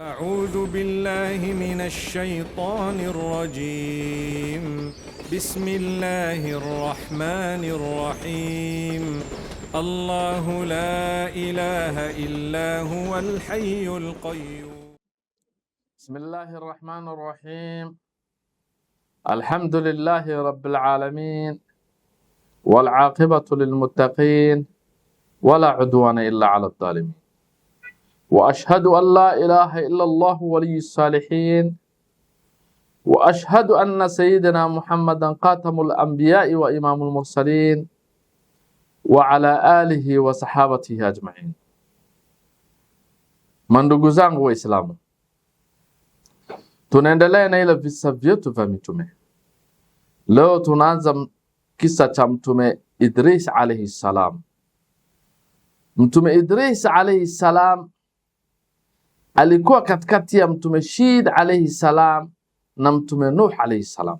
أعوذ بالله من الشيطان الرجيم بسم الله الرحمن الرحيم الله لا إله إلا هو الحي القيوم بسم الله الرحمن الرحيم الحمد لله رب العالمين والعاقبة للمتقين ولا عدوان إلا على الظالمين وأشهد أن لا إله إلا الله ولي الصالحين وأشهد أن سيدنا محمدا قاتم الأنبياء وإمام المرسلين وعلى آله وصحابته أجمعين من دقزان هو إسلام تنندلين إلى في السبيت فمتم لو تنظم قصة تمتم إدريس عليه السلام متم إدريس عليه السلام alikuwa katikati ya mtume Shid alayhi salam na mtume Nuh alayhi salam.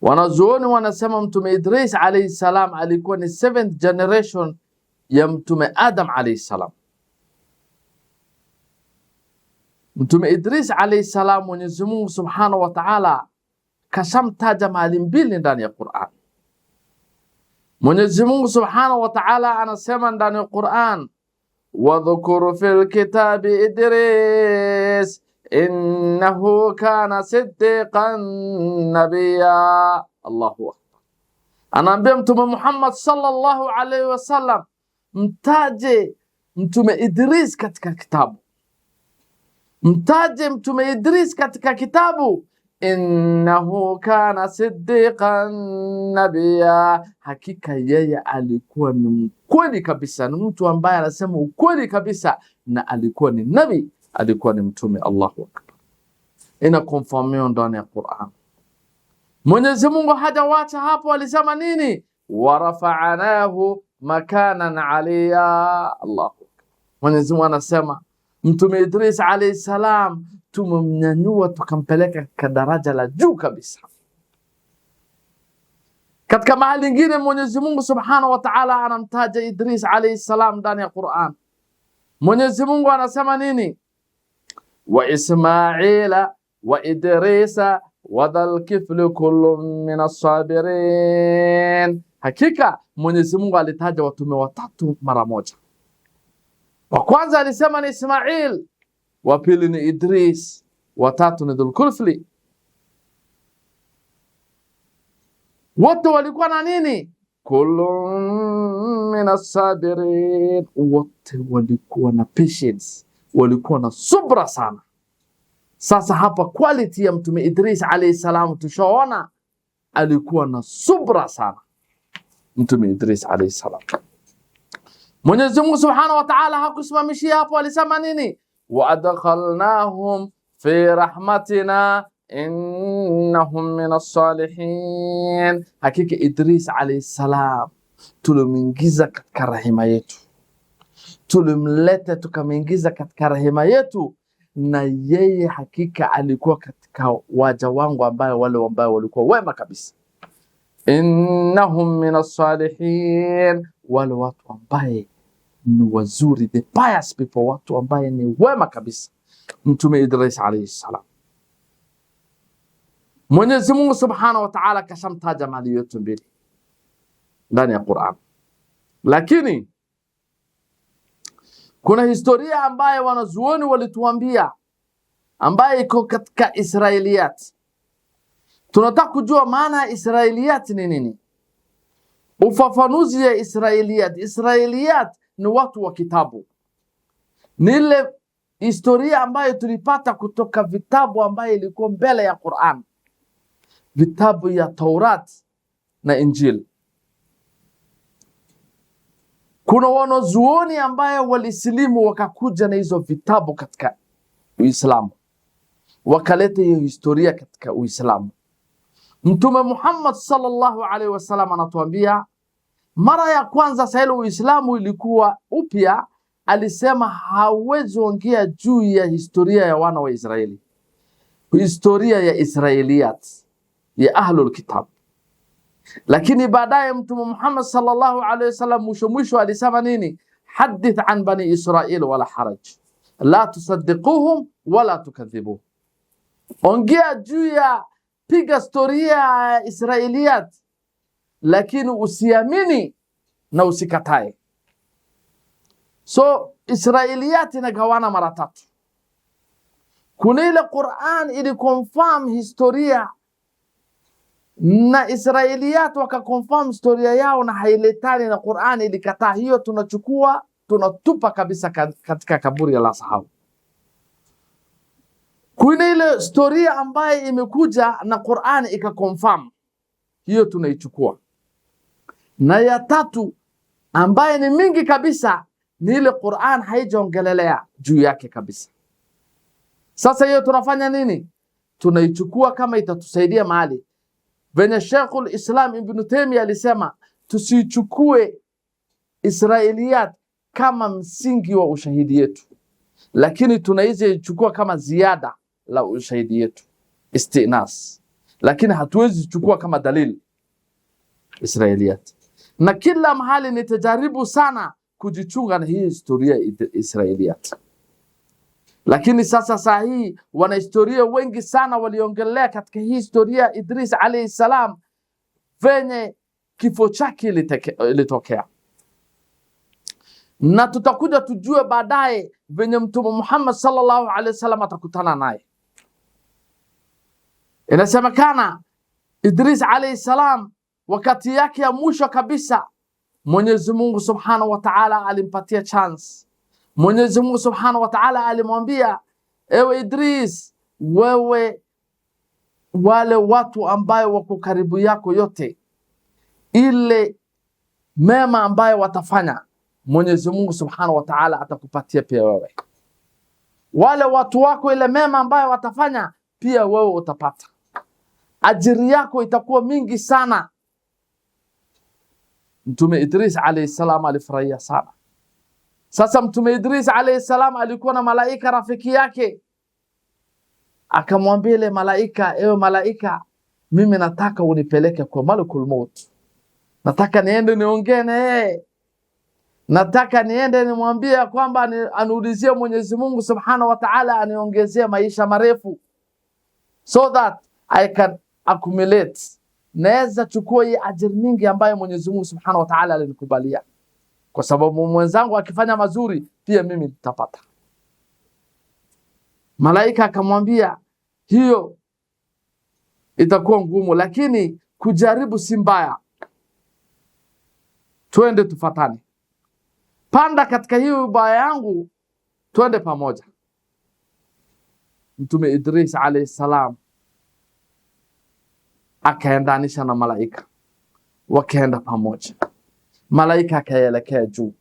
Wanazuoni wanasema mtume Idris alayhi salam alikuwa ni seventh generation ya mtume Adam alayhi salam. Mtume Idris alayhi salam, Mwenyezi Mungu subhanahu wa ta'ala kashamtaja mahali mbili ndani ya Qur'an. Mwenyezi Mungu subhanahu wa ta'ala anasema ndani ya Qur'an واذكر في الكتاب إدريس إنه كان صديقا نبيا الله أكبر أنا متوم محمد صلى الله عليه وسلم متاجي متم إدريس كتك kitabu متاجي متم إدريس كتك kitabu innahu kana siddiqan nabia, hakika yeye alikuwa ni mkweli kabisa, ni mtu ambaye anasema ukweli kabisa, na alikuwa ni nabii, alikuwa ni mtume. Allahu akbar, inakonfirmiwa ndani ya Qur'an. Mwenyezi Mungu hajawacha hapo, alisema nini? warafa'nahu makanan aliya. Allahu akbar, Mwenyezi Mungu anasema Mtume Idris alayhi salam tumemnyanyua tukampeleka katika daraja la juu kabisa. Katika mahali ingine Mwenyezi Mungu Subhanahu wa Ta'ala anamtaja Idris alayhi salam ndani ya Qur'an. Mwenyezi Mungu anasema nini? Wa Ismaila wa Idrisa wa dhal kiflu min as hakika Mwenyezi Mungu alitaja watume watatu mara moja. Wa kwanza alisema ni Ismail, wa pili ni Idris, wa tatu ni Dhulkufli. Wote walikuwa na nini? kullu min as wote walikuwa na patience, walikuwa na subra sana. Sasa hapa quality ya Mtume Idris alayhi salam tushaona alikuwa na subra sana, Mtume Idris alayhi salam Mwenyezi Mungu Subhanahu wa Ta'ala hakusimamishia hapo, alisema nini? wa adkhalnahum fi rahmatina innahum minas salihin, hakika Idris alayhi salam tulimwingiza katika rehema yetu, tulimleta tukamwingiza katika rehema yetu, na yeye hakika alikuwa katika waja wangu ambayo wale ambao walikuwa wema kabisa, innahum minas salihin wale watu ambaye ni wazuri, the pious people, watu ambaye ni wema kabisa. Mtume Idris alayhi salam, Mwenyezi Mungu Subhanahu wa Ta'ala kashamtaja mali yote mbili ndani ya Qur'an, lakini kuna historia ambaye wanazuoni walituambia ambaye iko katika Israiliyat. Tunataka kujua maana ya Israiliyat ni nini? Ufafanuzi ya Israiliyat. Israiliyat ni watu wa kitabu, ni ile historia ambayo tulipata kutoka vitabu ambayo ilikuwa mbele ya Quran, vitabu ya Taurat na Injil. Kuna wanazuoni ambayo walisilimu wakakuja na hizo vitabu katika Uislamu, wakaleta hiyo historia katika Uislamu. Mtume Muhammad sallallahu alaihi wasallam anatuambia mara ya kwanza Sahel Uislamu ilikuwa upya, alisema hawezi ongea juu ya historia ya wana wa Israeli, historia ya Israeliyat ya ahlul kitab. Lakini baadaye Mtume Muhammad sallallahu alaihi wasallam mwisho mwisho alisema nini? Hadith an bani Israil wala haraj la tusaddiquhum wala tukadhibuhum, ongea juu ya piga historia ya Israeliyat lakini usiamini na usikatae. So Israiliyat inagawana mara tatu. Kuna ile Quran ili confirm historia na waka confirm historia yao na hailetani na Quran ilikataa hiyo, tunachukua tunatupa kabisa katika kaburi la sahau. Kuna ile historia ambaye imekuja na Quran confirm hiyo, tunaichukua na ya tatu ambaye ni mingi kabisa ni ile Qur'an haijaongelelea juu yake kabisa. Sasa hiyo tunafanya nini? Tunaichukua kama itatusaidia mahali venye Sheikhul Islam Ibn Taymiyyah alisema, tusichukue Israiliyat kama msingi wa ushahidi yetu, lakini tunaweza ichukua kama ziada la ushahidi yetu istinas, lakini hatuwezi kuchukua kama dalili Israiliyat na kila mahali nitajaribu sana kujichunga na hii historia Israelia. Lakini sasa saa hii wanahistoria wengi sana waliongelea katika hii historia Idris alayhi salam, venye kifo chake ilitokea, na tutakuja tujue baadaye venye Mtume Muhammad sallallahu alayhi wasallam atakutana naye. Inasemekana Idris alayhi salam wakati yake ya mwisho kabisa, Mwenyezi Mungu Subhanahu wa Ta'ala alimpatia chance. Mwenyezi Mungu Subhanahu wa Ta'ala alimwambia, ewe Idris, wewe wale watu ambayo wako karibu yako yote, ile mema ambayo watafanya Mwenyezi Mungu Subhanahu wa Ta'ala atakupatia pia wewe. Wale watu wako ile mema ambayo watafanya pia wewe utapata, ajiri yako itakuwa mingi sana. Mtume Idris alayhi salam alifurahia sana. Sasa Mtume Idris alayhi salam alikuwa na malaika rafiki yake, akamwambia ile malaika, ewe malaika, mimi nataka unipeleke kwa malakul maut, nataka niende niongee na yeye, nataka niende nimwambie kwamba aniulizie Mwenyezi Mungu Subhanahu wa Ta'ala aniongezee maisha marefu so that I can accumulate naweza chukua hii ajiri nyingi ambayo Mwenyezi Mungu Subhanahu wa Ta'ala alinikubalia, kwa sababu mwenzangu akifanya mazuri pia mimi nitapata. Malaika akamwambia hiyo itakuwa ngumu, lakini kujaribu si mbaya, twende tufatane, panda katika hiyo ubaya yangu, twende pamoja. Mtume Idris alayhi salam akaendanisha na malaika, wakaenda pamoja. Malaika akaelekea juu.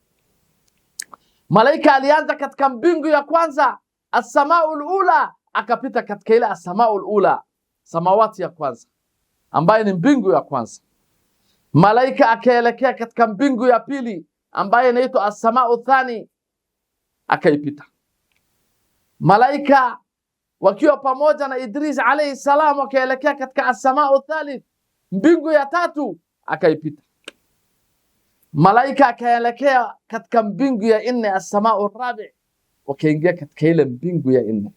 Malaika alianza katika mbingu ya kwanza, assamau ula, akapita katika ile assamau ula, samawati ya kwanza ambaye ni mbingu ya kwanza. Malaika akaelekea katika mbingu ya pili ambaye inaitwa asamau thani, akaipita malaika wakiwa pamoja na Idris alayhi salam, wakaelekea katika asamau thalith, mbingu ya tatu, akaipita malaika akaelekea katika mbingu ya nne, asamau rabi, wakaingia katika ile mbingu ya nne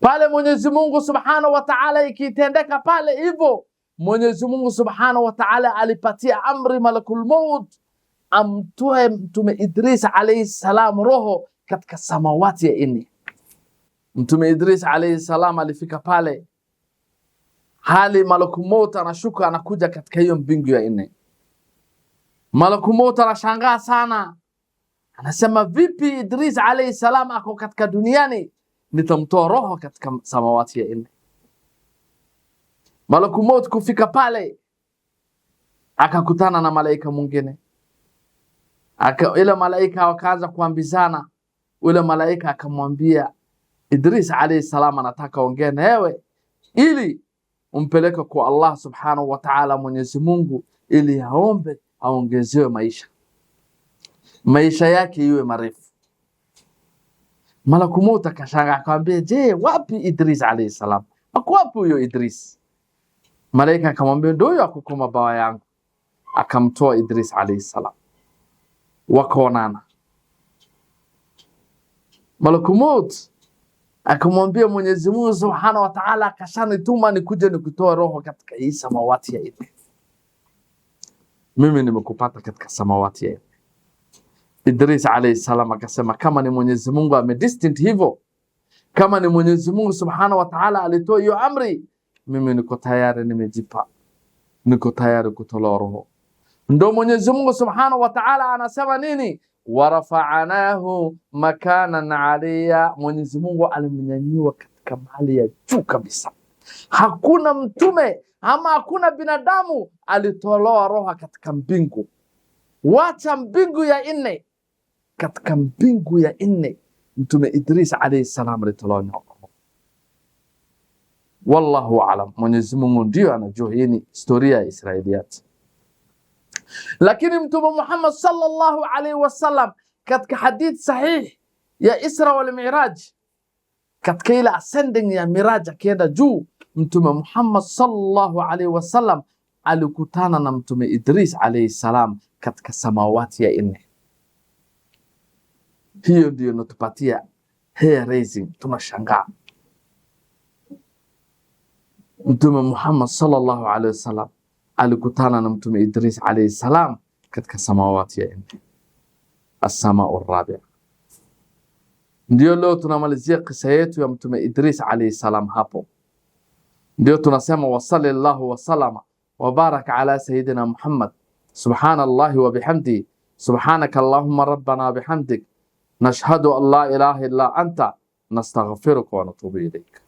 pale. Mwenyezi Mungu subhanahu wa ta'ala, ikitendeka pale hivyo, Mwenyezi Mungu subhanahu wa ta'ala alipatia amri malakul maut amtoe mtume Idris alayhi salam roho katika samawati ya nne. Mtume Idris alayhi salam alifika pale, hali malaku malakumauti anashuka anakuja katika hiyo mbingu ya nne. Malakumauti anashangaa sana, anasema vipi Idris alayhi salam ako katika duniani, nitamtoa roho katika samawati ya nne. Malakumauti kufika pale akakutana na malaika mwingine aka, ile malaika wakaanza kuambizana. Ule malaika akamwambia Idris alayhi salam anataka ongea na wewe ili umpeleke kwa Allah subhanahu wa ta'ala, Mwenyezi Mungu, ili aombe aongezewe maisha, maisha yake iwe marefu. Malaku mauti kashanga akamwambia, je, wapi Idris alayhi salam? Ako wapi huyo Idris? Malaika akamwambia, ndio huyo ako kwa mabawa yangu. Akamtoa Idris alayhi salam, wakaonana. Malaku mauti akamwambia Mwenyezi Mungu Subhanahu wa Ta'ala, akashani akashanituma nikuje nikutoa roho katika hii samawati ya Idhn. Mimi nimekupata katika samawati ya Idhn. Idris alayhi salam akasema, kama ni Mwenyezi Mungu amedistant hivyo, kama ni Mwenyezi Mungu Subhanahu wa Ta'ala alitoa hiyo amri, mimi niko tayari, nimejipa, niko tayari kutoa roho. Ndio Mwenyezi Mungu Subhanahu wa Ta'ala anasema nini? warafa'anahu makanan aliya, Mwenyezi Mungu alimnyanyua katika mahali ya juu kabisa. Hakuna mtume ama hakuna binadamu alitolewa roho katika mbingu, wacha mbingu ya nne. Katika mbingu ya nne Mtume Idris alayhi salam alitolewa roho. Wallahu alam, Mwenyezi Mungu ndio anajua. Hii ni historia ya Israiliyati. Lakini Mtume Muhammad sallallahu alaihi wasallam katika hadithi sahihi ya Isra wal Miraj, katika ile ascending ya Miraj akienda juu, Mtume Muhammad sallallahu alaihi wasallam alikutana na Mtume Idris alaihi salam katika samawati ya nne. Hiyo ndiyo inatupatia hair raising, tunashangaa Mtume Muhammad sallallahu alaihi wasallam alikutana na Mtume Idris alayhi salam katika samawati ya nne, as-samaa ar-rabi'a. Ndio leo tunamalizia kisa yetu ya Mtume Idris alayhi salam hapo. Ndio tunasema wa sallallahu wa sallama wa baraka ala sayidina Muhammad subhanallahi wa bihamdi subhanaka allahumma rabbana bihamdik nashhadu an la ilaha illa anta nastaghfiruka wa natubu ilayk.